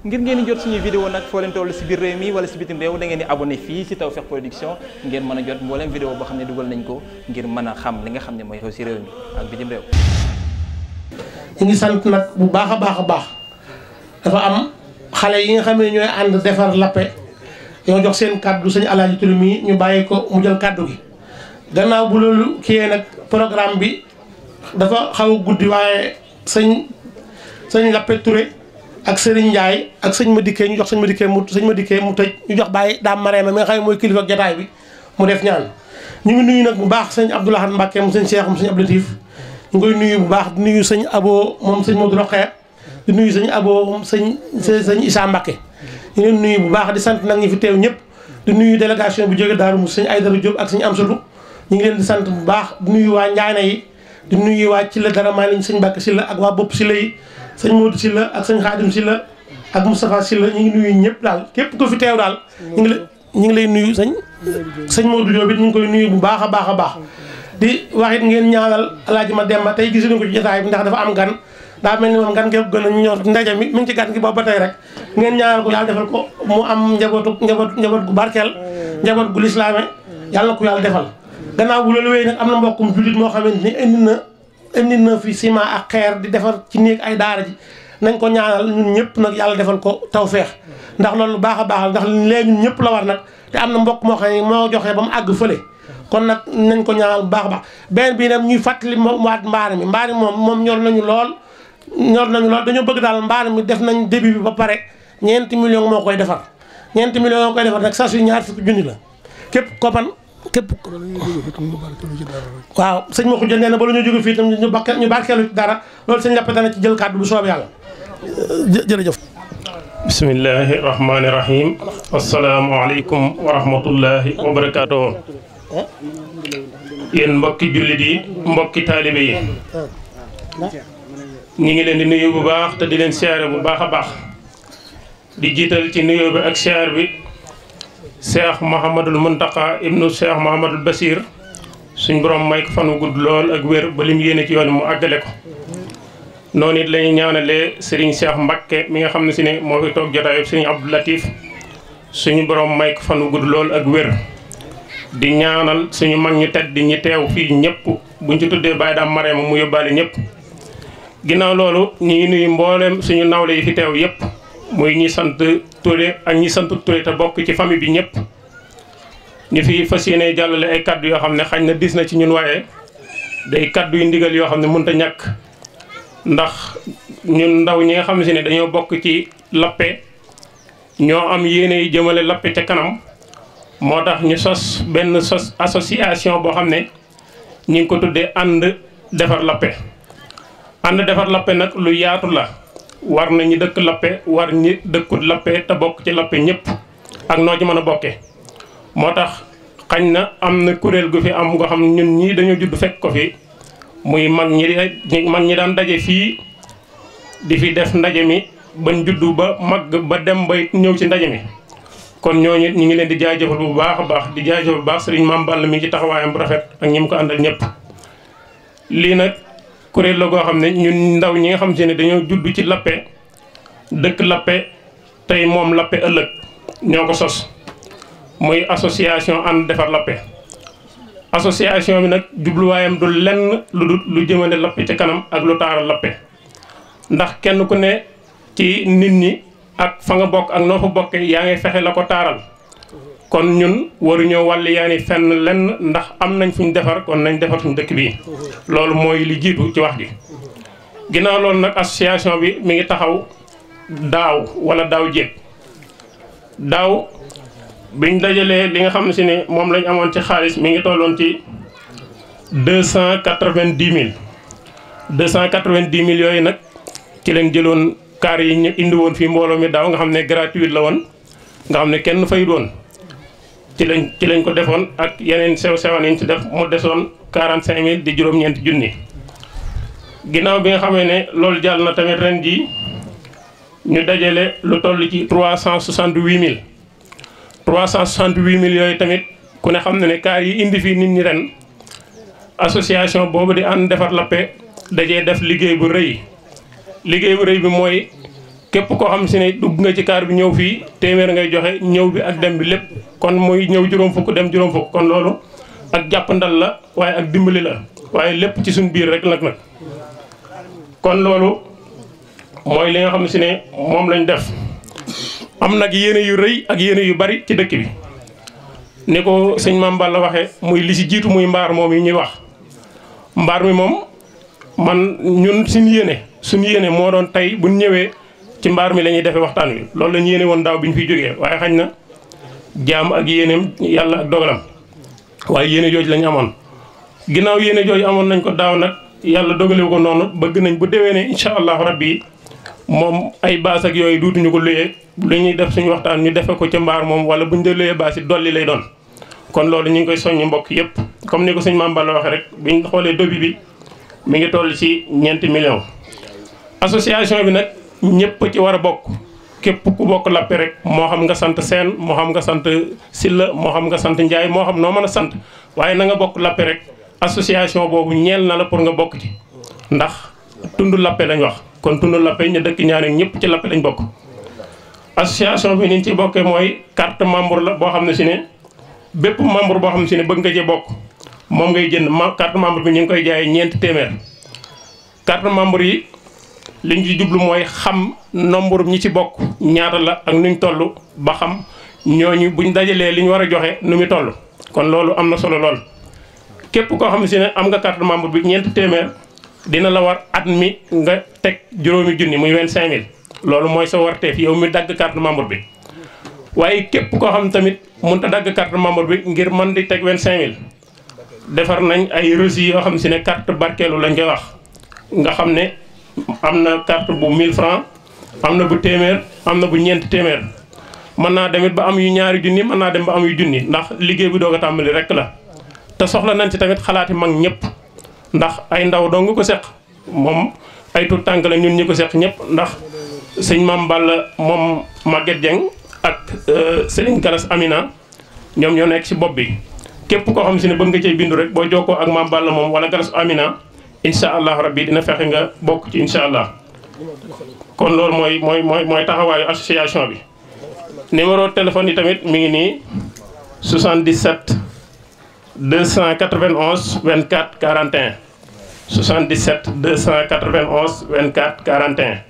ngir ngeen di jot suñuy vidéo nag foo leen toll si biir réew mi wala si bitim réew da ngeen di abonné fii si Tawfekh Production ngeen mën a jot mbooleem vidéo boo xam ne dugal nañ ko ngir mën a xam li nga xam ne mooy xew si réew mi ak bitim réew ngi sant nag bu baax a baax a baax dafa am xale yi nga xam ne ñooy ànd defar lappe ñoo jox seen kàddu sëñ Alaaji Tulu mi ñu bàyyi ko mu kàddu gi gannaaw bu loolu kiyee nag programme bi dafa xaw guddi waaye sëñ sëñ Lappe Touré ak sëriñ ak sëñ ma dikkee ñu jox sëñ ma dikkee mu sëñ ma dikkee mu tëj ñu jox baay daam mareema mi nga xam ne mooy kilifa ak jataay bi mu def ñaan ñu ngi nuyu nag bu baax sëñ Abdou Lahad Mbacké moom sëñ sëñ Abdou Latif ñu ngi koy nuyu bu baax di nuyu sëñ abo moom sëñ Modou Rokhaya di nuyu sëñ abo moom sëñ sëñ Issa Mbacké ñu leen bu baax di sant nag ñi fi teew ñëpp di nuyu délégation bu jóge Daaru mu sëñ Aïdara Diop ak sëñ am Amsatu ñu ngi leen di sant bu baax di nuyu waa Njaane yi di nuyu waa ci la dara maa lañ sëñ Mbacké si la ak waa bopp si la yi sëñ Modou Sylla ak sëñ Xaadim Sylla ak Moustapha Sylla ñu ngi nuyu ñëpp daal képp ko fi teew daal ñu ngi la ñu ngi lay nuyu sëñ sëñ Modou Diop ñu ngi koy nuyu bu baax a baax a baax di wax it ngeen ñaanal alaaji ma demba tey gisuñu ko ci jotaay bi ndax dafa am gan daa mel ni moom gan képp gën a ñëw ndaje mi mi ngi ci gan gi boobu ba tey rek ngeen ñaanal ko yàlla defal ko mu am njabootu njaboot njaboot gu barkeel njaboot gu lislaame yàlla na ko yàlla defal gannaaw bu loolu wéy nag am na mbokkum jullit moo xamante ni indi na indi na fi ciment ak xeer di defar ci néeg ay daara ji nañ ko ñaanal ñun ñëpp nag yàlla defal ko taw feex ndax loolu baax a baax ndax léegi ñun ñëpp la war nag te am na mbokk moo xam ne moo joxe ba mu àgg fële kon nag nañ ko ñaanal baax baax benn bii nag ñuy fàttali waat mbaar mi mbaar mi moom moom ñor nañu lool ñor nañu lool dañoo bëgg daal mbaar mi def nañ début bi ba pare ñeenti million moo koy defar ñeenti million moo koy defar nag saa su ñaar fukki junni la képp waaw sëñ ma xuja nee na ba la ñu jóge fii tam ñu bakke ñu barkeelu dara loolu sëñ Lappé dana ci jël kàddu bu soob yàlla jërëjëf bismillahi rahmaani rahim assalaamu aleykum wa rahmatullahi wa barakaatuh yéen mbokki jullit yi mbokki taalibe yi ñu ngi leen di nuyu bu baax te di leen siyaare bu baax a baax di jiital ci nuyoo bi ak siyaar bi cheikh Mouhamadul Muntaqa ibnu cheikh Mouhamadul Basir suñ borom may ko fan wu gudd lool ak wér ba lim yéene ci yoon mu àggale ko. noonu it lañuy ñaanale ñaanalee Serigne Cheikh mi nga xam ne si ne moo fi toog jotaayub Serigne Abdou Latif suñu borom may ko fan wu gudd lool ak wér. di ñaanal suñu mag ñu tedd ñi teew fii ñëpp buñ ci tuddee Baye Dame ma mu yóbbaale ñëpp. ginnaaw loolu ñu ngi nuyu mboolem suñu nawle yi fi teew yëpp muy ñi sant. Touré ak ñi sant Touré te bokk ci famille bi ñëpp ñu fi fas yéene jàllale ay kàddu yoo xam ne xañ na dis na ci ñun waaye day kàddu yu ndigal yoo xam ne mënut a ñàkk ndax ñun ndaw ñi nga xam si ne dañoo bokk ci lappe ñoo am yéene yi jëmale lappe ca kanam moo tax ñu sos benn sos association boo xam ne ñu ngi ko tuddee ànd defar lappe ànd defar lappe nag lu yaatu la war na ñi dëkk lappe war ñi dëkkut lappe te bokk ci lappe ñëpp ak noo ci mën a bokke moo tax xañ na am na kuréel gu fi am nga xam ñun ñii dañoo judd fekk ko fi muy mag ñi mag ñi daan daje fii di fi def ndaje mi bañ juddu ba mag ba dem ba ñëw ci ndaje mi kon ñooñu ñu ngi leen di jaajëfal bu baax a baax di jaajëfal bu baax sëriñ Maam Balla mi ngi ci taxawaayam bu rafet ak ñi mu ko àndal ñëpp lii nag kuréel la goo xam ne ñun ndaw ñi nga xam si ne dañoo judd ci lappe dëkk lappe tey moom lappe ëllëg ñoo ko sos muy association ànd defar lappe association bi nag jubluwaayam du lenn lu dul lu jëmale lappe ci kanam ak lu taaral lappe ndax kenn ku ne ci nit ñi ak fa nga bokk ak noo fa bokkee yaa ngi fexe la ko taaral kon ñun waruñoo wàllu yaani fenn lenn ndax am nañ ñu defar kon nañ defar suñ dëkk bi loolu mooy li jiitu ci wax ji ginnaaw loolu nag association bi mi ngi taxaw daaw wala daaw jéeg daaw bi biñ dajalee li nga xam si ne moom lañ amoon ci xaalis mi ngi tolloon ci deux cent quatre-vingt-dix mille deux cent quatre-vingt-dix mille yooyu nag ci leen jëloon kaar yi ñu indi woon fii mbooloo mi daaw nga xam ne gratuite la woon nga xam ne kenn fay doon ci lañ ci lañ ko defoon ak yeneen sew sewan yi ñu ci def mu desoon quarante cinq mille di juróom-ñeenti junni ginnaaw bi nga xamee ne loolu jàll na tamit ren jii ñu dajale lu toll ci trois cent soixante huit mille trois cent soixante huit mille yooyu tamit ku ne xam na ne kaar yi indi fii nit ñi ren association boobu di ànd defar lappe dajee def liggéey bu rëy liggéey bu rëy bi mooy képp koo xam si ne dugg nga ci kaar bi ñëw fii téeméer ngay joxe ñëw bi ak dem bi lépp kon muy ñëw juróom fukk dem juróom fukk kon loolu ak jàppandal la waaye ak dimbali la waaye lépp ci suñ biir rek nag nag kon loolu mooy li nga xam si ne moom lañ def am nag yéene yu rëy ak yéene yu bari ci dëkk bi ni ko sëñ Maam Balla waxee muy li si jiitu muy mbaar moom yi ñuy wax mbaar mi moom man ñun suñ yéene suñ yéene moo doon tey buñ ñëwee ci mbaar mi la ñuy defee waxtaan wi loolu la ñu yéene woon daaw bi ñu fiy jógee waaye xañ na jaam ak yéeneem yàlla ak dogalam waaye yéene jooju lañu amoon. ginnaaw yéene jooju amoon nañ ko daaw nag yàlla dogalewu ko noonu bëgg nañ bu déwénee incha allahu rabbi moom ay baas ak yooyu duutuñu ko luyee lu ñuy def suñu waxtaan ñu defe ko ca mbaar moom wala buñ dee luyee baas yi dolli lay doon. kon loolu ñu ngi koy soññi mbokk yëpp comme ni ko suñ maam Balla waxee rek biñ xoolee dobi bi mi ngi toll ci ñeenti millions ñëpp ci war a bokk képp ku bokk lappe rek moo xam nga sant seen moo xam nga sant silla moo xam nga sant njaay moo xam noo mën a sant waaye nanga bokk lappe rek association boobu ñeel na la pour nga bokk ci ndax tund lappe lañ wax kon tund lappe ñu dëkk ñaari ñëpp ci lappe dañ bokk association bi niñ ci bokkee mooy carte membre la boo xam ne si ne bépp membre boo xam ne si ne bëgg nga ci bokk moom ngay jënd carte membre bi ñu ngi koy jaayee ñeenti téeméer liñ ci jublu mooy xam nombre ñi ci bokk ñaata la ak nuñ toll ba xam ñooñu buñ dajalee li ñu war a joxe nu mu toll kon loolu am na solo lool. képp koo xam ne si ne am nga carte membre bi ñeenti téeméer dina la war at mi nga teg juróomi junni muy vingt-cinq mille loolu mooy sa warteef yow mi dagg carte membre bi. waaye képp koo xam tamit mënut a dagg carte membre bi ngir mën di teg vingt-cinq mille defar nañ ay reçus yoo xam si ne carte barkeelu lañ koy wax nga xam ne. am na carte bu 1000 francs am na bu téeméer am na bu ñeent téeméer mën naa demit ba am yu ñaari junni mën naa dem ba am yu junni ndax liggéey bi doo a tàmbali rek la te soxla nañ ci tamit xalaati mag ñëpp ndax ay ndaw dong ko seq moom ay tuut tànk la ñun ñi ko seq ñëpp ndax sëñ Maam Balla moom Maguette Dieng ak euh, Serigne Galas Amina ñoom ñoo nekk ci bopp bi képp koo xam si ne bëgg nga cay bindu rek boo jokkoo ak Maam Balla moom wala Galas Amina incha allah rabbi dina fexe nga bokk ci incha allah kon loolu mooy mooy mooy mooy taxawaayu association bi numéro téléphone yi tamit mu ngi nii 77 291 24 41 77 291 24 41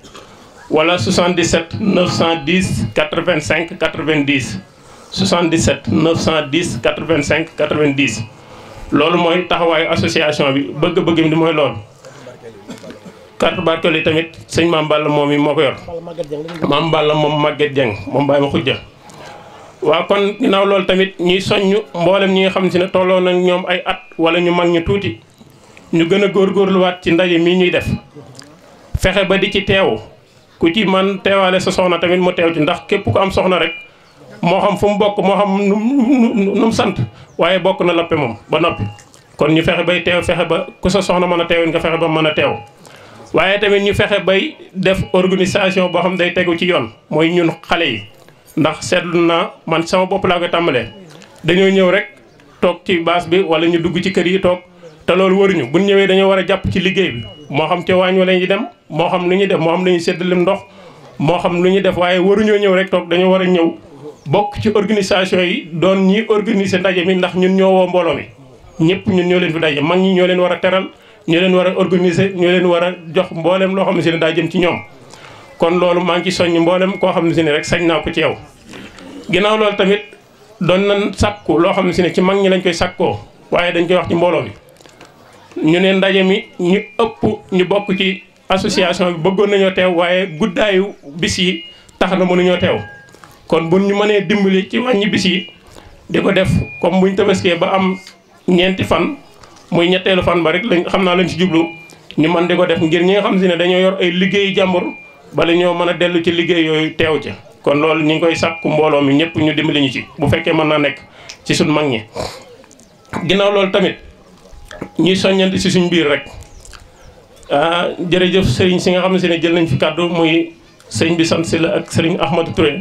wala 77 910 85 90 77 910 85 90 loolu mooy taxawaayu association bi bëgg-bëgg bi mooy loolu. carte barkeel yi tamit sëñ maam Balla moom yi moo ko yor maam Balla moom Maguette Dieng moom bàyyi ma xujja waaw kon ginnaaw loolu tamit ñuy soññu mboolem ñi nga xam si ne tolloo nag ñoom ay at wala ñu mag ñu tuuti ñu gën a góorluwaat ci ndaje mi ñuy def fexe ba di ci teew ku ci man teewaale sa soxna tamit mu teew ci ndax képp ku am soxna rek. moo xam fu mu bokk moo xam nu mu nu sant waaye bokk na lappe moom ba noppi. kon ñu fexe bay teew fexe ba ku sa soxna mën a teew nga fexe ba mën a teew waaye tamit ñu fexe bay def organisation boo xam day tegu ci yoon mooy ñun xale yi ndax seetlu naa man sama bopp laa ko tàmbalee dañoo ñëw rek toog ci baas bi wala ñu dugg ci kër yi toog. te loolu waruñu bu ñëwee dañoo war a jàpp ci liggéey bi moo xam ca waañ wala ñu dem moo xam lu ñuy def moo xam lu ñuy séddalim ndox moo xam lu ñuy def waaye waruñoo ñëw rek toog dañoo war a ñëw bokk ci organisation yi doon ñi organiser ndaje mi ndax ñun ñoo woo mbooloo mi ñëpp ñun ñoo leen fi daje mag ñi ñoo leen war a teral ñoo leen war a ñoo leen war a jox mbooleem loo xam ne si ne daa jëm ci ñoom kon loolu maa ngi ci soññ mboolem koo xam ne rek sañ naa ko ci yow ginnaaw loolu tamit doon nañ sàkku loo xam ne si ne ci mag ñi lañ koy sàkkoo waaye dañ koy wax ci mbooloo mi ñu ne ndaje mi ñu ëpp ñu bokk ci association bi bëggoon nañoo teew waaye guddaayu bis yi tax na mënuñoo teew kon bu ñu mënee dimbali ci ma bis yi di ko def comme buñ tabaskee ba am ñeenti fan muy ñetteelu fan ba rek lañ xam naa lañ si jublu ñu man di ko def ngir ñi nga xam si ne dañoo yor ay liggéey jàmbur bala ñoo mën a dellu ci liggéey yooyu teew ca kon loolu ñu ngi koy sàkku mbooloo mi ñëpp ñu dimbali ñu ci bu fekkee mën naa nekk ci suñ mag ñi ginnaaw loolu tamit ñuy soññante si suñ biir rek ah, jërëjëf sëriñ si nga xam ne jël nañ ci kàddu muy sëriñ bi sant si la ak sëriñ Ahmadou Touré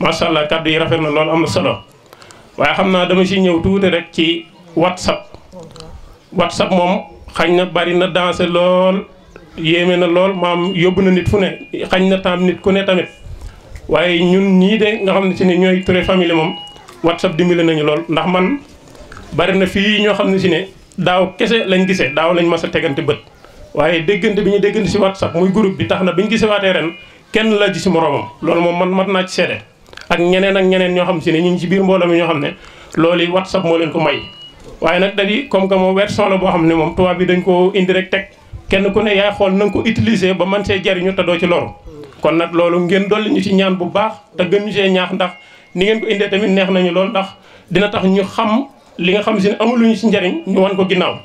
macha allah kàddu yi rafet na loolu am na solo waaye xam naa dama si ñëw tuuti rek ci whatsapp whatsapp moom xañ na bari na dansé lool yéeme na lool maam yóbbu na nit fu ne xañ na tam nit ku ne tamit waaye ñun ñii de nga xam ne si ne ñooy Touré famille moom whatsapp dimbile nañu lool ndax man bari na fii ñoo xam ne si ne daaw kese lañ gisee daaw lañ mas a tegante bët waaye déggante bi ñu déggante si whatsapp muy groupe bi tax na bi ñu gisewaatee ren kenn la ji si moroomam loolu moom man mat naa ci seede ak ñeneen ak ñeneen ñoo xam si ne ñu ngi ci biir mbooloo mi ñoo xam ne loolu yi whatsapp moo leen ko may waaye nag dadi comme que moom version la boo xam ne moom tubaab bi dañ ko indi rek teg kenn ku ne yaay xool na ko utiliser ba mën see jariñu te doo ci loru kon nag loolu ngeen dolli ñu ci ñaan bu baax te gën ñu see ñaax ndax ni ngeen ko indee tamit neex nañu lool ndax dina tax ñu xam li nga xam si ne amuluñu si njariñ ñu wan ko ginnaaw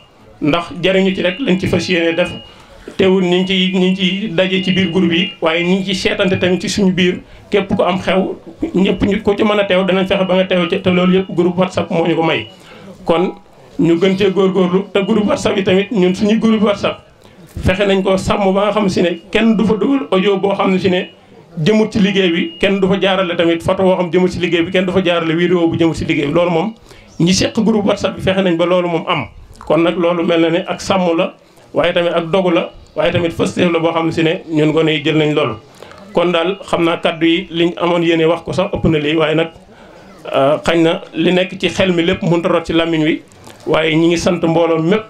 ndax jariñu ci rek lañ ci fas yéene def teewul ñu ngi ñi ñu daje ci biir groupe yi waaye ñi ngi ciy seetante tamit ci suñu biir képp ku am xew ñëpp ñu ku ci mën a teew danañ fexe ba nga teew ci te loolu yëpp group whatsapp moo ñu ko may. kon ñu gën cee góorgóorlu te groupe whatsapp yi tamit ñun suñu groupe whatsapp fexe nañ ko sàmm ba nga xam si ne kenn du fa dugal audio boo xam ne ne jëmut ci liggéey bi kenn du fa jaarale tamit photo boo xam jëmut ci liggéey bi kenn du jaarale vidéo bu jëmut ci liggéey loolu moom ñi seq groupe whatsapp bi fexe nañ ba loolu moom am kon nag loolu mel na ne ak sàmm la waaye tamit ak dogu la waaye tamit fësteef la boo xam si ne ñun gone yi jël nañ loolu kon daal xam naa kaddu yi liñ amoon yéene wax ko sax ëpp na lii waaye nag euh, xañ na li nekk ci xel mi lépp mun a ci làmmiñ wi waaye ñi ngi sant mbooloo mépp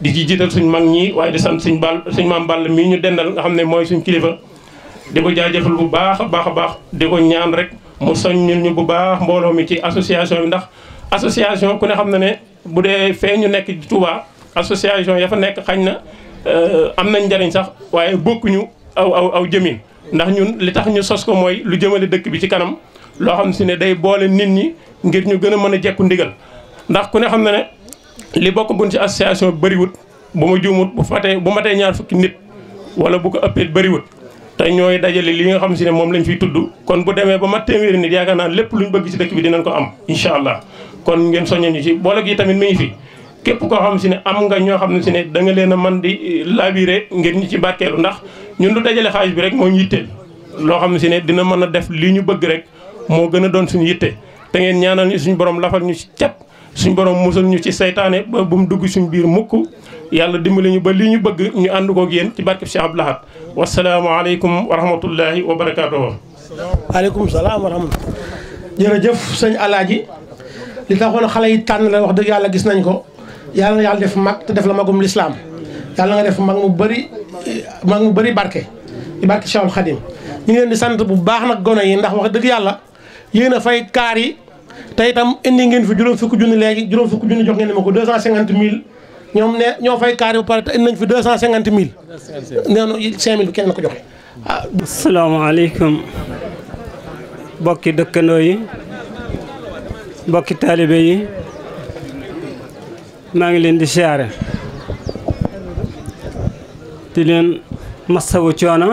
di ci jiital suñ mag ñi waaye di sant suñ suñ maam ball mii ñu dendal nga xam ne mooy suñ kilifa di ko jaajëfal bu baax a baax a baax di ko ñaan rek mu soñ ñu ñu bu baax mbooloo mi ci association bi ndax association ku ne xam na ne bu dee fee ñu nekk ci Touba association fa nekk xañ na Euh, am nañ njariñ sax waaye bokkuñu aw aw aw jëmin ndax ñun li tax ñu sos ko mooy lu jëmale dëkk bi ci kanam loo xam si ne day boole nit ñi ngir ñu gën a mën a jekku ndigal ndax ku ne xam na ne li bokk buñ ci association bëriwut bu ma juumut bu fatee bu matee ñaar fukki nit wala bu ko ëppee bariwut te ñooy dajale li nga xam si ne moom lañ fi tudd kon bu demee ba mat téeméeri nit yaakaar naa lépp luñ bëgg ci dëkk bi dinañ ko am incha allah kon ngeen soññee ñu ci boole gi tamit mi ngi fi képp koo xam si ne am nga ñoo xam ne si ne da nga leen a man di eh, labiré ngir ñu ci barkeelu ndax ñun du dajale xaalis bi rek moo ñu yitteel loo xam ne si ne dina mën a def li ñu bëgg rek moo gën a doon suñ yitte te ngeen ñaanal ñu suñ borom lafal ñu ci cat suñu borom musal ñu ci saytaane ba bu mu dugg suñu biir mukk yàlla dimbali ñu ba li ñu bëgg ñu ànd koog yéen ci barkeb Cheikh Abdou Lahad wasalaamaaleykum wa rahmatullahi wa barakaatu. waaleykum salaam wa rahmatulah. jërëjëf sëñ Alaaji li taxoon xale yi tànn la wax dëgg yàlla gis nañ ko. yàlla na yàlla def mag te def la magum lislaam yàlla nga def mag mu bëri mag mu bari barke di barke Cheikhul Khadim ñu ngi leen di sant bu baax nag gone yi ndax wax dëgg yàlla yéen a fay kaar yi te itam indi ngeen fi juróom fukki junni léegi juróom fukki junni jox ngeen ma ko deux cent cinquante mille ñoom ne ñoo fay kaar yi ba pare te indi nañ fi mil cent cinquante mille neenu cinq mille bi kenn na ko joxe ah asalaamaaleykum bokki dëkkandoo yi bokki taalibe yi maa ngi leen di siyaare di leen masawu coono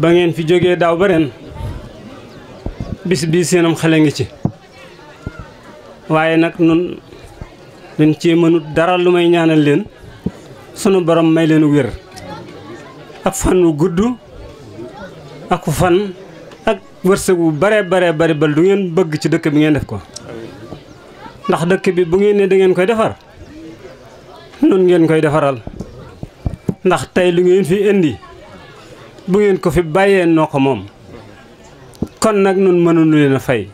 ba ngeen fi jógee daaw ba ren bis bii seenam xale ngi ci waaye nag nun dañ cee mënut dara lu may ñaanal leen sunu borom may leen wér ak fan wu gudd ak fan ak wërsëg bu bare bare bari bal du ngeen bëgg ci dëkk bi ngeen def ko ndax dëkk bi bu ngeen ne da ngeen koy defar nun ngeen koy defaral ndax tey lu ngeen fi indi bu ngeen ko fi bàyyee noo ko moom kon nag nun mënuñu leen a fay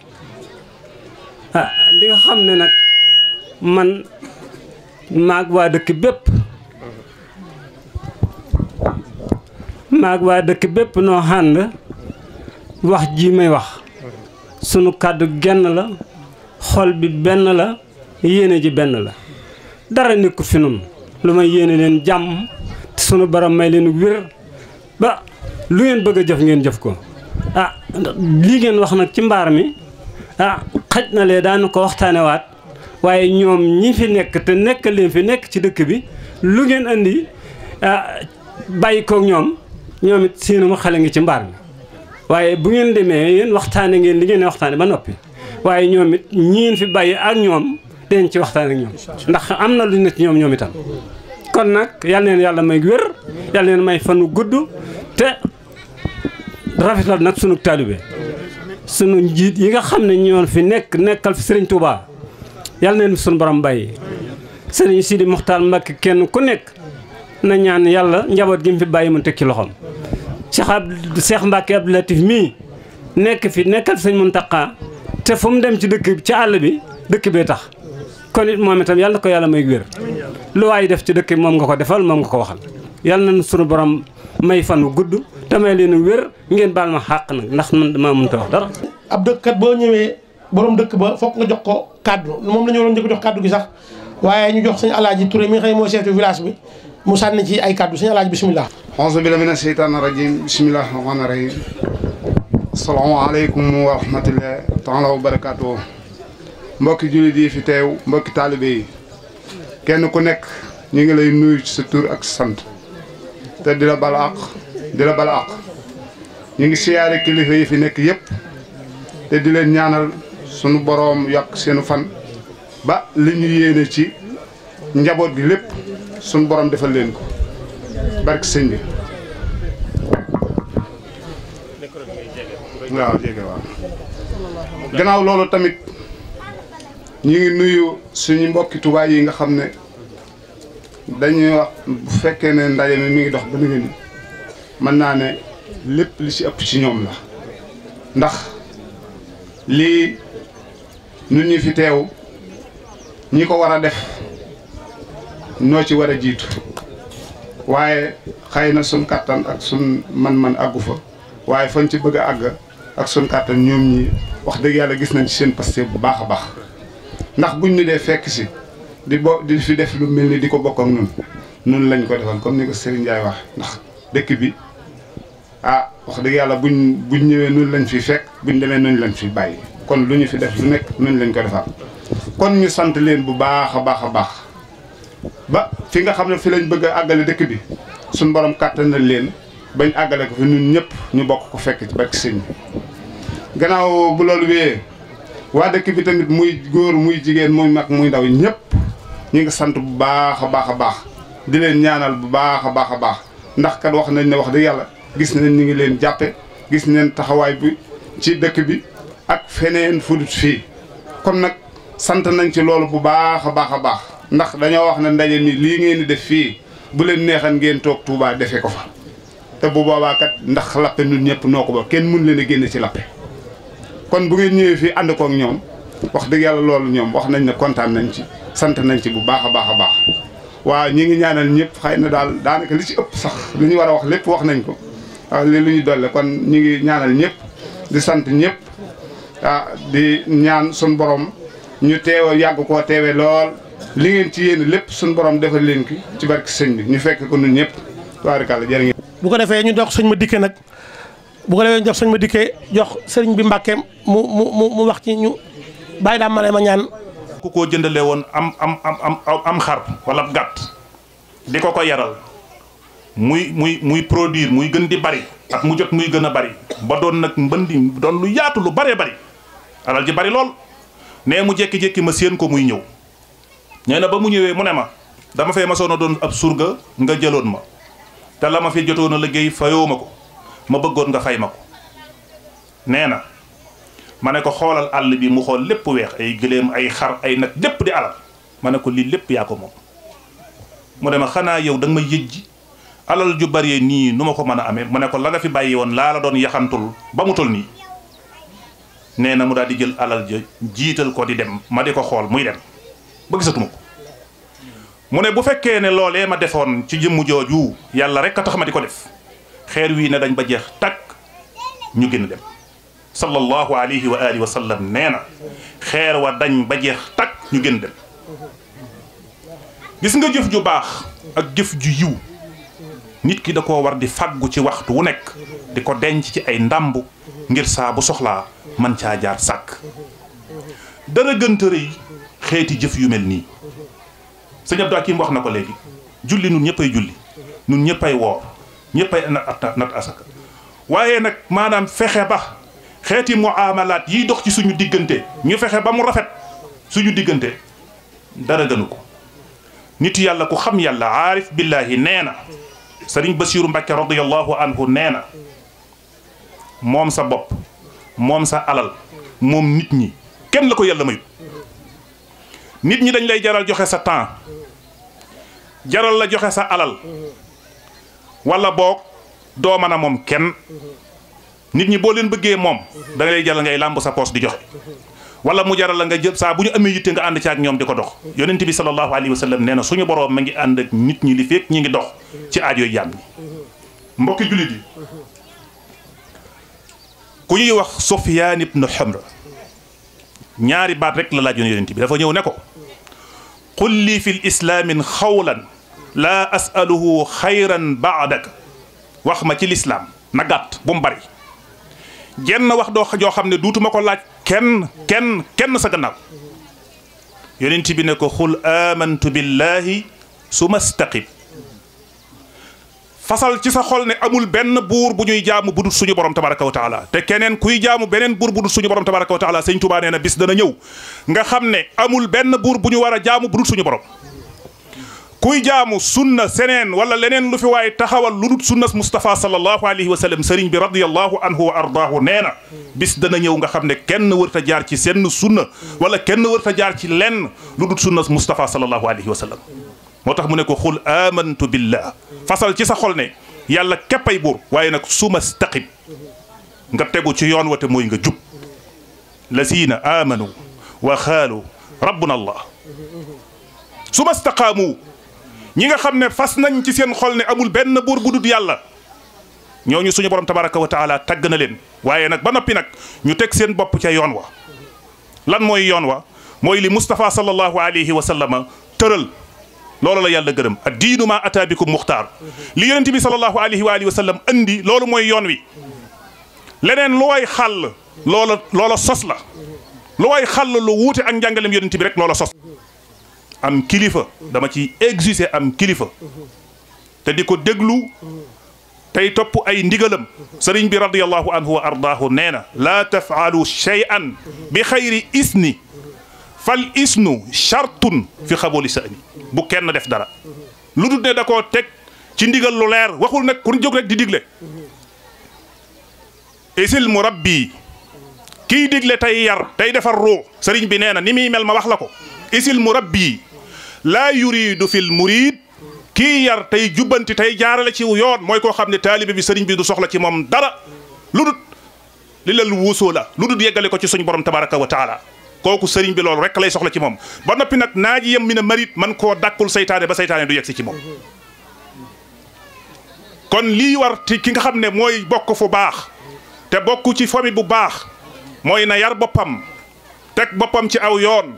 ah li nga xam ne nag man maag waa dëkk bépp maag waa dëkk bépp noo ànd wax ji may wax sunu kàddu genn la xol bi benn la yéene ji benn la dara nekku fi nun lu may yéene leen jàmm te sunu baram may leen wér ba lu ngeen bëgg a jëf ngeen jëf ko ah lii ngeen wax nag ci mbaar mi ah xaj na lee daanu ko waxtaanewaat waaye ñoom ñi fi nekk te nekk leen fi nekk ci dëkk bi lu ngeen andi ah, bàyyi koog ñoom ñoom it mu xale ngi ci mbaar mi waaye bu ngeen demee yéen waxtaane ngeen li ngeen waxtaane ba noppi waaye ñoom it ñiin fi bàyyi ak ñoom dañ ci waxtaan ak ñoom ndax am na lu ne ñoom ñoom itam kon nag yal neen yàlla may wér yal neen may fanu gudd te rafetal nag sunu taalibe sunu njiit yi nga xam ne ñoon fi nekk nekkal fi sëriñ Touba yal neen sunu borom bàyyi sëriñ Sidi Muxtaar Mbàkke kenn ku nekk na ñaan yàlla njaboot gi mu fi bàyyi mu teg ci loxoom Cheikh Abdou Cheikh Mbacke mii nekk fi nekkal sëñ Muntaqa te fu mu dem ci dëkk ci àll bi dëkk bee tax kon it moom itam yàlla na ko yàlla may wér lu waaye def ci dëkk bi moom nga ko defal moom nga ko waxal yàlla na sunu borom may fan wu gudd te may leen wér ngeen baal ma xàq nag ndax man damaa mënta wax dara. ab dëkkkat boo ñëwee borom dëkk ba foog nga jox ko kàddu moom la ñu waroon njëkk jox kàddu gi sax waaye ñu jox suñu alaaji Touré mi nga xam mooy seetu village bi mu sànni ci ay kàddu suñu alaaji bisimilah. auzu billahi mina sheytaani rajim bisimilah rahmaani rahim salaamaaleykum wa rahmatulah taala wa barakaatu mbokki jullit yi fi teew mbokki taalibe yi kenn ku nekk ñu ngi lay nuyu ci sa tur ak sant te di la bala àq di la bala àq ñu ngi siyaare kilifa yi fi nekk yëpp te di leen ñaanal sunu boroom yàq seenu fan ba li ñu yéene ci njaboot gi lépp sunu boroom defal leen ko barke sëñ bi. waaw gannaaw loolu tamit ñi ngi nuyu suñu mbokki Tuubaa yi nga xam ne dañuy wax bu fekkee ne ndaje mi mu ngi dox ba ni ni mën naa ne lépp li ci ëpp ci ñoom la ndax lii ñun ñu fi teew ñi ko war a def noo ci war a jiitu waaye xëy na suñ kàttan ak suñ man-man àggu fa waaye fañ ci bëgg a àgg ak suñ kàttan ñoom ñi wax dëgg yàlla gis nañ ci seen paste bu baax a baax ndax buñ ñu dee fekk si di bo di fi def lu mel nii di ko bokk ak noonu lañ ko defal comme ni ko Serigne wax dëkk bi ah wax dëgg yàlla buñ buñ ñëwee noonu lañ fi fekk buñ demee noonu lañ fi bàyyi kon lu fi def lu nekk noonu lañ ko defal kon ñu sant leen bu baax a baax a baax ba fi nga xam ne fi lañ bëgg a àggale dëkk bi suñ borom kàttan na leen bañ àggale ko fi ñun ñëpp ñu bokk ko fekk ci barke sëñ bi gannaaw bu loolu wéyee waa dëkk bi tamit muy góor muy jigéen muy mag muy ndaw ñëpp ñu ngi sant bu baax a baax a baax di leen ñaanal bu baax a baax a baax ndax kat wax nañ ne wax dëgg yàlla gis nañ ñu ngi leen jàppe gis nañ taxawaay bi ci dëkk bi ak feneen fudut fii kon nag sant nañ ci loolu bu baax a baax a baax ndax dañoo wax ne ndaje mi lii ngeen di def fii bu leen neexan ngeen toog tuubaa defe ko fa te bu boobaa kat ndax lappe ñun ñëpp noo ko ba kenn mun leen a génne ci lappe kon bu ngeen ñëwee fii ànd kook ñoom wax dëgg yàlla loolu ñoom wax nañ ne kontaan nañ ci sant nañ ci bu baax a baax a baax waaw ñi ngi ñaanal ñëpp xëy na daal daanaka li ci ëpp sax li ñu war a wax lépp wax nañ ko li lu ñu dolle kon ñi ngi ñaanal ñëpp di sant ñëpp ah di ñaan suñ borom ñu teew yàgg koo teewee lool li ngeen ci yéen lépp suñ borom defal leen ki ci barke sëñ bi ñu fekk ko ñun ñëpp tabaarkalla jërë ngeen bu ko defee ñu dox sëñ ma dikke nag bu ko defee jox sëñ ma dikkee jox sëriñ bi Mbàkke mu mu mu wax ci ñu bàyyi daam ma lay ma ñaan. ku ko jëndalee woon am am am am xar wala gàtt di ko ko yaral muy muy muy produire muy gën di bari ak mu jot muy gën a bari ba doon nag mbëndi doon lu yaatu lu baree bari alal ji bari lool nee mu jékki-jékki ma séen ko muy ñëw nee na ba mu ñëwee mu ne ma dama fee ma soon a doon ab surga nga jëloon ma te la ma fi jotoon a liggéey fayoo ma ko. ma bëggoon nga fay ma ko nee na ma ne ko xoolal àll bi mu xool lépp weex ay gëléem ay xar ay nag lépp di alal ma ne ko lii lépp yaa ko moom mu dema xanaa yow danga ma yëjji alal ju bari nii nu ma ko mën a amee ma ne ko la nga fi bàyyi woon laa la doon yaxantul ba mu toll nii nee na mu daal di jël alal ja jiital ko di dem ma di ko xool muy dem ba gisatuma ko mu ne bu fekkee ne loolee ma defoon ci jëmm jooju yàlla rek a tax ma di ko def xeer wii ne dañ ba jeex takk ñu gën a dem sallallahu alayhi wa alihi wa sallam nee na xeer wa dañ ba jeex takk ñu gën dem gis nga jëf ju baax ak jëf ju yiw nit ki da ko war di fàggu ci waxtu wu nekk di ko denc ci ay ndàmb ngir saabu soxlaa man caa jaar sàkk dara gëntëre yi xeeti jëf yu mel nii sëñ Abdou Hakim wax na ko léegi julli nun ñëppay julli nun ñëppay woor ñëppay nat asaka waaye nag maanaam fexe ba xeeti muamalaat yiy dox ci suñu diggante ñu fexe ba mu rafet suñu diggante dara gënu ko nit yàlla ku xam yàlla aarif billaahi nee na sëriñ Basiiru Mbàkke radiyallahu anhu nee na moom sa bopp moom sa alal moom nit ñi kenn la ko yàlla mayut nit ñi dañ lay jaral joxe sa temps jaral la joxe sa alal wala boog doo mën a moom kenn nit ñi boo leen bëggee moom da ngay ngay làmb sa poos di jox wala mu jaral la nga jël saa bu ñu amee yitte nga ànd ci ak ñoom di ko dox yonent bi sallallahu alayhi wa sallam nee na suñu boroom ma ngi ànd ak nit ñi li fekk ñi ngi dox ci aajooy jàmm ñi mbokki jullit yi ku ñuy wax Sufyaan ibn Humr ñaari baat rek la laajoon yonent bi dafa ñëw ne ko qul li fi l islaamin xawlan laa asaluhu xayran baadaka wax ma ci lislaam na gàtt bu mu bari jenn wax doo joo xam ne duutuma ko laaj kenn kenn kenn sa gannaaw yonent bi ne ko xul amantu billahi su ma staqim fasal ci sa xol ne amul benn buur bu ñuy jaamu budul suñu borom tabaraka wa taala te keneen kuy jaamu beneen buur budul suñu borom tabaraka wa taala sëñ Tuubaa nee na bis dana ñëw nga xam ne amul benn buur bu ñu war a jaamu budul suñu borom kuy jaamu sunna seneen wala leneen lu fi waaye taxawal lu dut sunnas Moustapha sallallahu alayhi wa sallam sëriñ bi radiyallahu anhu wa ardaahu nee na bis dana ñëw nga xam ne kenn wër ta jaar ci senn sunna wala kenn wër ta jaar ci lenn lu dut sunnas Moustapha sallallahu alayhi wa sallam moo tax mu ne ko xul amantu billah fasal ci sa xol ne yàlla képpay buur waaye nag suma staqib nga tegu ci yoon wate mooy nga jub lazina amanu wa xaalu rabbuna allah suma ñi nga xam ne fas nañ ci seen xol ne amul benn buur bu dut yàlla ñu suñu borom tabaraka wa taala tagg na leen waaye nag ba noppi nag ñu teg seen bopp ca yoon wa lan mooy yoon wa mooy li Moustapha sallallahu alayhi wa sallama tëral loolo la yàlla gërëm ak diinu maa ataa bikum muxtaar li yonent bi sallallahu alayhi wa alihi wa sallam loolu mooy yoon wi leneen lu way xàll loola loola sos la lu way xàll lu wuute ak njàngalem yonent bi rek loola sos am kilifa dama ci exiger am kilifa te di ko déglu tey topp ay ndigalam sëriñ bi radiallahu anhu wa ardaahu nee na laa tafaalu cheyan bi xayri isni fal isnu chartun fi xaboli sani bu kenn def dara lu ne da teg ci ndigal lu leer waxul nag ku jóg rek di digle isil mu rabbi kiy digle tey yar tey defar ruu sëriñ bi nee na ni muy mel ma wax la ko isil mu laa yuriidu fil muriid kii yar tey jubbanti tey jaarale ci yoon mooy koo xam ne taalibe bi sëriñ bi du soxla ci moom dara lu dut li lal wuusoo la lu dut yeggale ko ci suñ borom tabaraka wa taala kooku sëriñ bi loolu rek lay soxla ci moom ba noppi nag naaj yam mi na marit man koo dàkkul seytaane ba saytaane du yegsi ci moom kon lii war ki nga xam ne mooy bokk fu baax te bokk ci famille bu baax mooy na yar boppam teg boppam ci aw yoon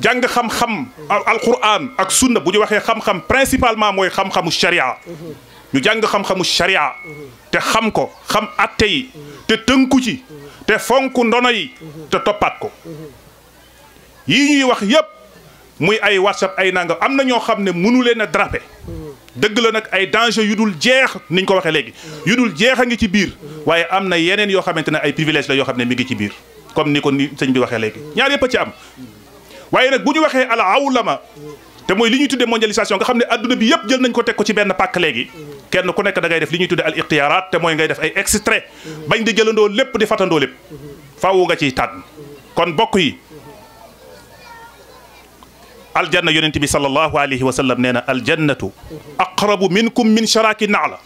jàng xam-xam alquran ak sunna bu ñu waxee xam-xam principalement mooy xam-xamu sharia ñu jàng xam-xamu sharia te xam ko xam atte yi te tënku ci te fonk ndono yi te toppaat ko yii ñuy wax yépp muy ay whatsapp ay nangam am na ñoo xam ne mënu leen a drapé dëgg la nag ay danger yu dul jeex niñ ko waxee léegi yu dul jeex a ngi ci biir waaye am na yeneen yoo xamante ne ay privilège la yoo xam ne mi ngi ci biir comme ni ko ni sëñ bi waxee léegi ñaar yëpp a ci am waaye nag bu ñu waxee al awlama te mooy li ñuy tuddee mondialisation nga xam ne adduna bi yëpp jël nañ ko teg ko ci benn pàkk léegi kenn ku nekk da def li ñuy tuddee al ixtiyaaraat te mooy ngay def ay extrait bañ di jëlandoo lépp di fatandoo lépp faaw nga ciy tànn kon bokk yi aljanna yonent bi sallallahu alayhi wa sallam nee na aljannatu aqrabu minkum min sharaaki naala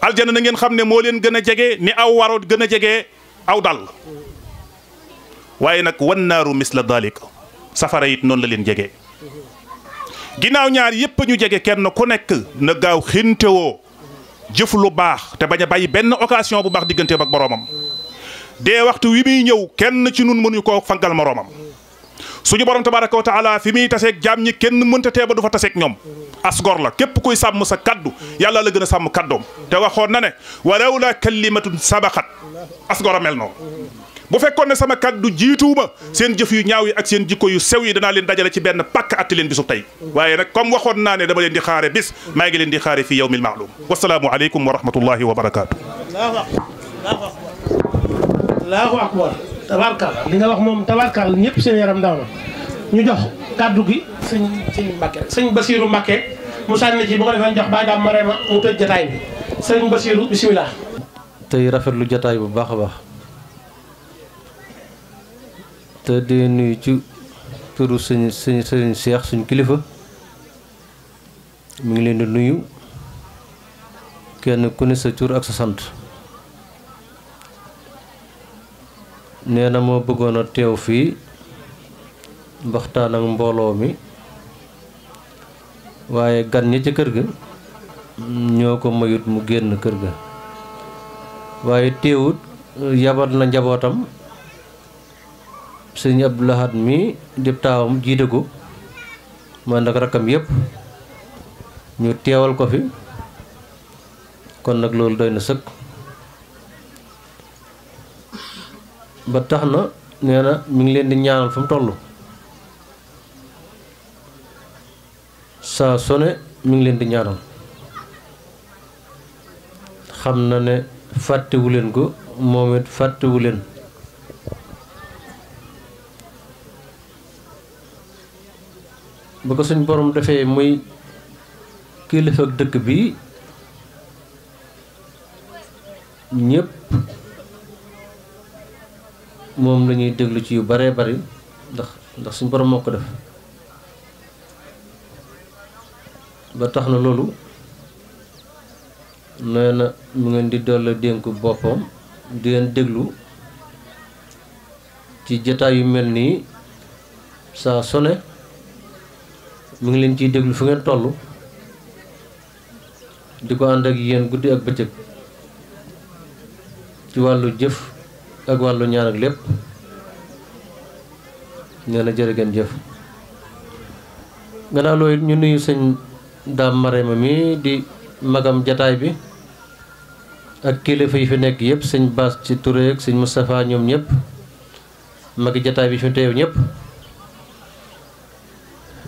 aljanna na ngeen xam ne moo leen gën a jege ni aw waroot gën a jege aw dal waaye nag wan naaru misla dalik safara it noonu la leen jege ginnaaw ñaar yépp ñu jege kenn ku nekk na gaaw xintewoo jëf lu baax te bañ a bàyyi benn occasion bu baax digganteem ak boroomam dee waxtu wi muy ñëw kenn ci nun mënuñu koo fangal moroomam suñu borom tabaraka wa taala fi muy taseeg jaam ñi kenn mënta tee ba du fa taseeg ñoom asgor la képp koy sàmm sa kaddu yàlla la gën a sàmm kàddoom te waxoon na ne walaw la kalimatun sabaxat asgor a mel noonu bu fekkoon ne sama kàddu jiituwuma seen jëf yu ñaaw yi ak seen jikko yu sew yi danaa leen dajale ci benn pakk atti leen bisu tey waaye nag comme waxoon naa ne dama leen di xaare bis maa ngi leen di xaare fii yawmil maalum wasalaamu aleykum wa rahmatullahi wa barakaatu allahu akbar tabarkal li nga wax moom tabarkal ñëpp seen yaram daaw ñu jox kàddu gi sëñ sëñ Mbacke sëñ Basiiru Mbacke mu sànni ci ko defee ñu jox bàyyi daam ma mu tëj jataay bi sëñ Basiiru bisimilah. tey rafetlu jataay bu baax a baax te di nuyu ci turu suñu suñu sëriñ Cheikh suñu kilifa mu ngi leen di nuyu kenn ku ne sa tur ak sa sant nee na moo bëggoon a teew fii waxtaan ak mbooloo mi waaye gan ñi ci kër ga ñoo ko mayut mu génn kër ga waaye teewut yabal na njabootam sëriñ Abdou mi dib taawam jiite ko man nag rakkam yëpp ñu teewal ko fi kon nag loolu doy na sëkk ba tax na nee na mi ngi leen di ñaanal fa mu toll saa sone mi ngi leen di ñaanal xam na ne fàttewu leen ko moom it fàttewu leen ba ko suñ boroom defee muy kilifa ak dëkk bi ñëpp moom la déglu ci yu baree bari ndax ndax suñ borom moo ko def ba tax na loolu nee na mu ngeen di dolli dénku boppam di leen déglu ci jataay yu mel nii saa sone mu ngi leen ciy déglu fu ngeen toll di ko ànd ak yéen guddi ak bëccëg ci wàllu jëf ak wàllu ñaan ak lépp nee na jërë ngeen jëf gannaaw loolu ñu nuyu sëñ daam marema mi di magam jataay bi ak kilifa yi fi nekk yëpp sëñ baas ci Touré ak sëñ Moustapha ñoom ñëpp magi jataay bi fi teew ñëpp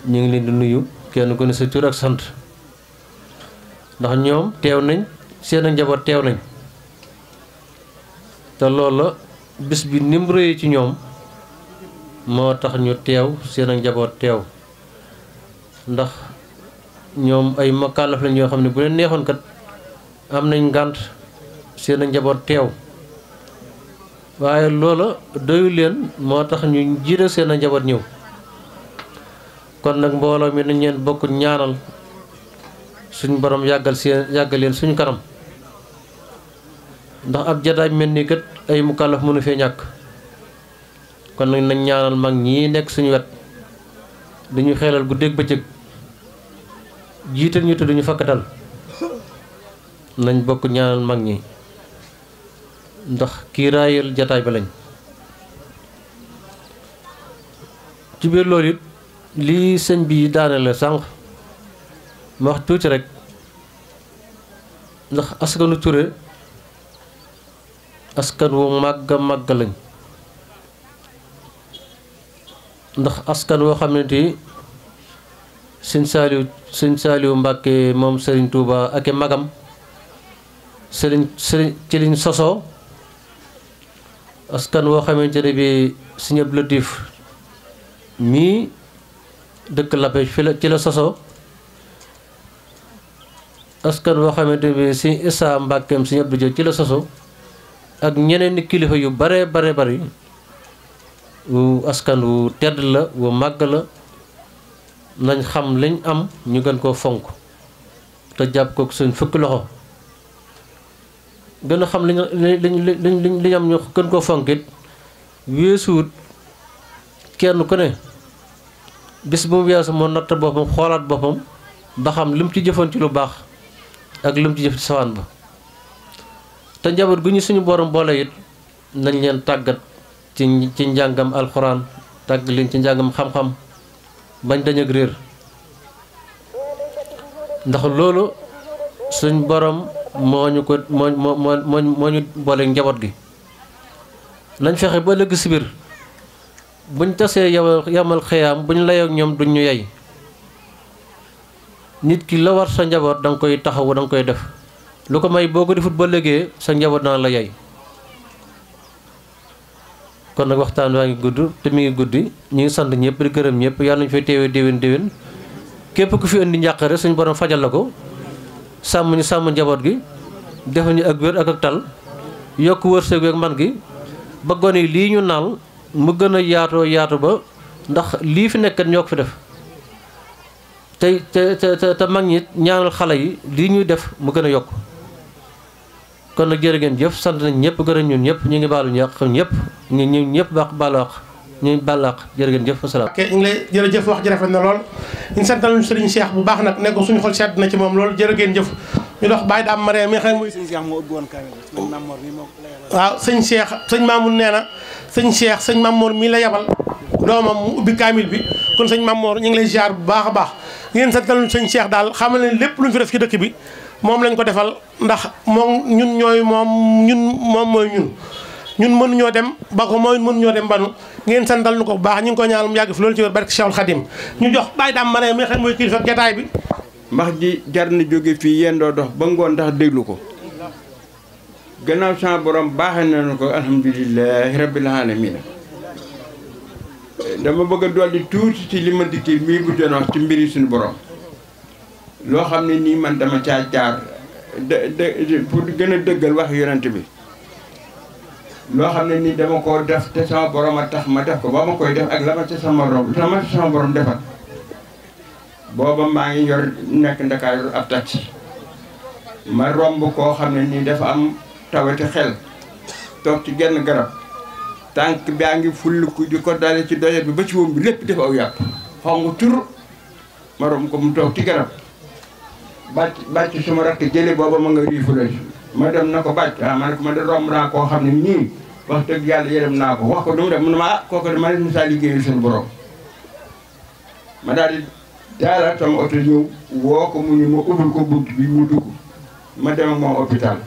ñu ngi leen di nuyu kenn ku ne sa tur ak sant ndax ñoom teew nañ seen a njaboot teew nañ te loola bis bi nim rëyee ci ñoom moo tax ñu teew seen a njaboot teew ndax ñoom ay makaalaf lañ yoo xam ne bu leen neexoon kat am nañ ngànt seen a njaboot teew waaye loola doyu leen moo tax ñu jiital seen a njaboot ñëw kon nag mbooloo mi nañ leen bokk ñaanal suñ boroom yàggal seen yàggal leen suñu kanam ndax ab jataay mel ni kat ay mukallaf mënu fee ñàkk kon nag nañ ñaanal mag ñii nekk suñu wet dañu xelal guddeeg bëccëg jiital ñu te duñu fakkatal nañ bokk ñaanal mag ñi ndax kii raayal jataay ba lañ ci biir loolu it lii sëñ bi daane la sànq ma wax tuuti rekk ndax askanu Touré askan wu màgg màgg lañ ndax askan woo xam ne ti sëñ Saaliw sëñ Saaliw Mbàkke moom Sëriñ Tuuba ak i magam sëriñ sëriñ ci liñ sosoo askan woo xamante ne bi sëñ Abdu Latif mii dëkk Labèche fi la ci la sosoo askan boo xamante bi si Issa Mbàkkeem si Abdou Dia ci la sosoo ak ñeneen kilifa yu bare bare bari wu askan wu tedd la wu màgg la nañ xam liñ am ñu gën koo fonk te jàpp kook suñ fukki loxo gën a xam liñ liñ liñ liñ am ñu gën koo fonkit weesuut kenn ku ne bis bu weesu moo natt boppam xoolaat boppam ba xam lu mu ci jëfoon ci lu baax ak lu mu ci jëf ci sawaan ba te njaboot gu ñu suñu borom boole it nañ leen tàggat ci ci njàngam alxuraan tàgg leen ci njàngam xam-xam bañ dañ ak réer ndax loolu suñ borom moo ñu ko moo moo moo moo ñu boole njaboot gi nañ fexe ba ëllëg si biir buñ tasee yow yamal xëyaam buñ layoog ñoom duñ ñu yey nit ki la war sa njaboot danga koy taxawu danga koy def lu ko may boo ko defut ba léegi sa njaboot dana la yey kon nag waxtaan waa ngi gudd te mu ngi guddi ñu ngi sant ñëpp di gërëm ñëpp yàlla ñu fay teewee déwén déwén képp ku fi indi njàqare suñu borom fajal la ko sàmm ñu sàmm njaboot gi defuñu ak wér ak tal yokk wërsëg ak man gi ba gone yi lii ñu naal mu gën a yaatoo yaatu ba ndax lii fi nekkat ñoo ko fi def te te te te mag ñi ñaanal xale yi lii ñuy def mu gën a yokk kon nag jërë ngeen jëf sant nañ ñëpp gërëm ñun ñëpp ñu ngi baalu ñàq ñëpp ñu ñu ñëpp baax baalu àq ñu ngi baalu àq jërë ngeen jëf wasalaam. ok ñu ngi lay na lool ñu santal ñu bu baax nag ne ko suñu xol sedd na ci moom jër jërë ngeen jëf. ñu dox bàyyi daam maree mi xam mooy. sëñ Cheikh sëñ Cheikh nee na sëñ Cheikh sëñ Mamour mii la yabal doomam mu ubbi kaamil bi kon sëñ Mamour ñu ngi lay ziar bu baax a baax ngeen santal sëñ Cheikh daal xamal ne lépp luñ fi def ci dëkk bi moom lañ ko defal ndax moom ñun ñooy moom ñun moom mooy ñun. ñun mënuñoo dem ba ko mooy mënuñoo dem banu ngeen santal nu ko bu baax ñu ngi ko ñaanal mu yàgg fi loolu ci wér barke Cheikhul Khadim ñu jox bàyyi daam ma ne mi nga xam mooy kilifa jotaay bi. mbax ji jar na jóge fii yendoo dox ba ngoon ndax déglu ko. gannaaw sama borom baaxe na nañu ko alhamdulilahi rabbil alamina dama bëgg a dolli tuuti ci li ma dikki mii bu doon wax ci mbiri suñu borom loo xam ne nii man dama caa jaar de pour gën a dëggal wax yonent bi loo xam ne nii dama koo def te sama borom a tax ma def ko ba ma koy def ak la ma ca sama borom defal booba maa ngi yor nekk ndakaaru ab taxi ma romb koo xam ne nii dafa am tawati xel toog ci genn garab tànk baa ngi fulliku di ko dale ci doyat bi ba ci wóom bi lépp def aw yàpp xong tur marom ko mu toog ci garab bàcc bàcc suma rakk jële booba ma nga riifulal ma dem na ko bàcc ah, ma ne ma koo xam ne wax dëgg yàlla yërëm naa ko wax ko du mu dem mu ma ah suñu borom ma daal oto ñëw woo ko mu ni ma ubbil ko bunt bi mu dugg ma dem moom hôpital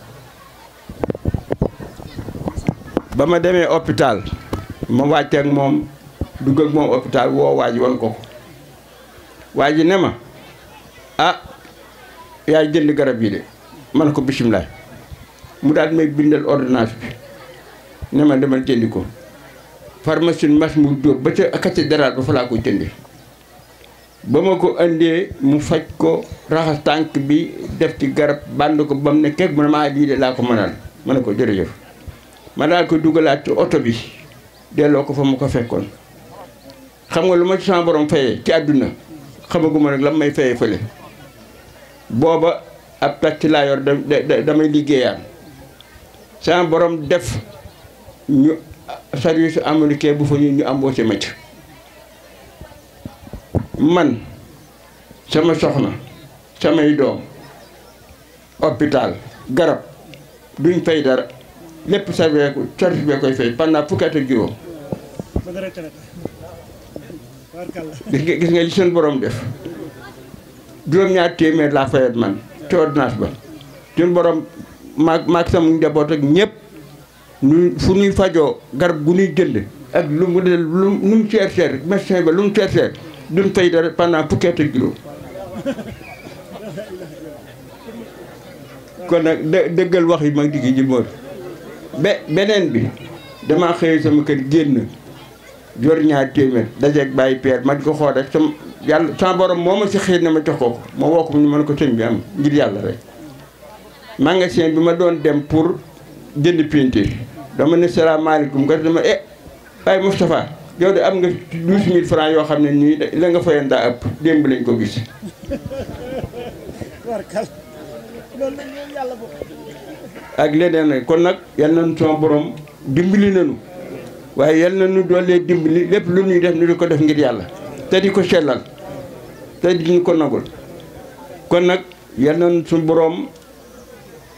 ba ma demee hôpital ma wàcc ak moom dugg ak moom hôpital woo waa ji wan ko ko waa ji ne ma ah yaay jënd garab yi de ma ne ko bisimilah mu daal may bindal ordonnance bi ne ma demal jëndi ko pharmacie mas mu dóor ba ca cathédrale ba fa laa koy jëndee ba ma ko andee mu faj ko raxas tànk bi def ci garab bànd ko ba mu ne keeg mu ne maa ah, lii de laa ko mënal ma ne ko jërëjëf ma daal ko dugalaat ci oto bi delloo ko fa mu ko fekkoon xam nga lu ma ci sama borom fayee ci àdduna xamaguma nag lan may fayee fële booba ab taxi laa yor damay liggéeyaan sama borom def ñu service américain bu fa ñu ñu embauché ma man sama soxna samay doom hôpital garab duñ fay dara lépp sa bee service bee koy fay pendant fukki at ak juróom gis nga gis nga li seen borom def juróom-ñaar téeméer laa fayat man ci ordonnance ba seen borom maag maag sama njaboot ak ñëpp ñu fu ñuy fajoo garab gu ñuy jënd ak lu mu de lu mu seer seer médecin ba lu mu seer seer duñ fay dara pendant fukki at ak juróom kon nag dë dëggal wax yi mag digg ji moor be beneen bi dama xëy sama kër génn jor ñaar téeméer dajeeg bàyyi peer ma di ko xool rek sama yàlla sama borom moo ma si xëy na ma jox ko ma woo ko ñu mën ko sëñ bi am ngir yàlla rek. magasin bi ma doon dem pour jënd peinture dama ne salaamaaleykum nga dama eh waaye Moustapha yow de am nga douze mille francs yoo xam ne nii la nga fayoon daa ëpp démb lañ ko gis. ak leneen kon nag yal nañu sama borom dimbali nañu waaye yal nañu doolee dimbali lépp lu ñuy def ñu di ko def ngir yàlla te di ko sellal te di ñu ko nagul kon nag yal nañu suñu borom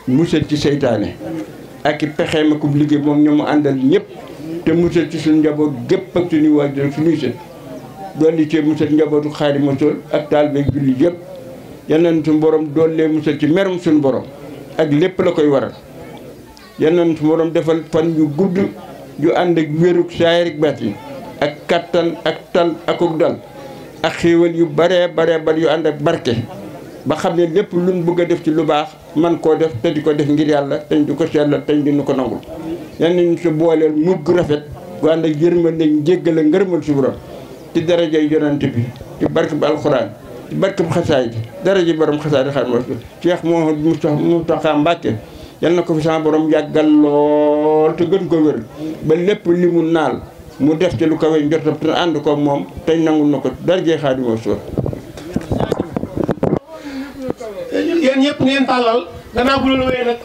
musal ci seytaane ak i pexeem ak liggéey moom ñoo mu àndal ñëpp te musal ci suñu njaboot gépp ak suñuy waajur suñuy sët dolli ci musal njabootu Xaadimu Rasuul ak taalibe julli yëpp yal nañu suñu borom doolee musal ci merum sunu borom. ak lépp la koy waral yal nañu su borom defal fan yu gudd yu ànd ak wérug saayir ak baatin ak kattan ak tal akuk dal ak xéewal yu baree baree bari yu ànd ak barke ba xam ne lépp luñ bëgg a def ci lu baax man koo def te di ko def ngir yàlla teñ di ko sellal teñ di nu ko nangul yal nañu si booleel mujj gu rafet gu ànd ak yërmal nañ jéggal a ngërmal si borom ci darajay yonante bi ci barke bi alxuraan barkam xasaay bi dara ji borom xasaay di xaar moo fi Cheikh Mouhamadou Moustapha Moustapha yal na ko fi sama borom yàggal lool te gën ko wér ba lépp li mu naal mu def ci lu ko wéy njortam te ànd ko moom te nangul na ko dara jee xaar moo suur bu loolu wéyee nag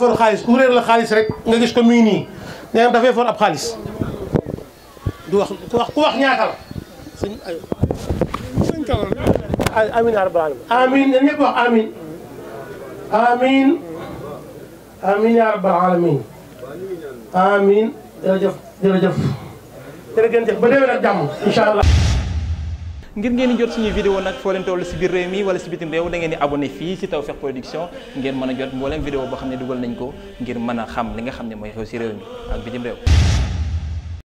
soxna xaalis ku xaalis rek nga gis ko muy nii nee dafay for ab xaalis du wax ku wax ku wax ñaata amiin yaa rabbal aalamiin amiin na ñëpp wax amiin amiin amiin yaa rabbal aalamiin amiin jërëjëf jërëjëf jërëjëf ba déwén ak jàmm incha allah ngir ngeen di jot suñuy vidéo nag foo leen toll si biir réew mi wala si bitim réew da ngeen di abonné fii si Tawfekh Production ngeen mën a jot mbooleem vidéo boo xam ne dugal nañ ko ngir mën a xam li nga xam ne mooy xew si réew mi ak bitim réew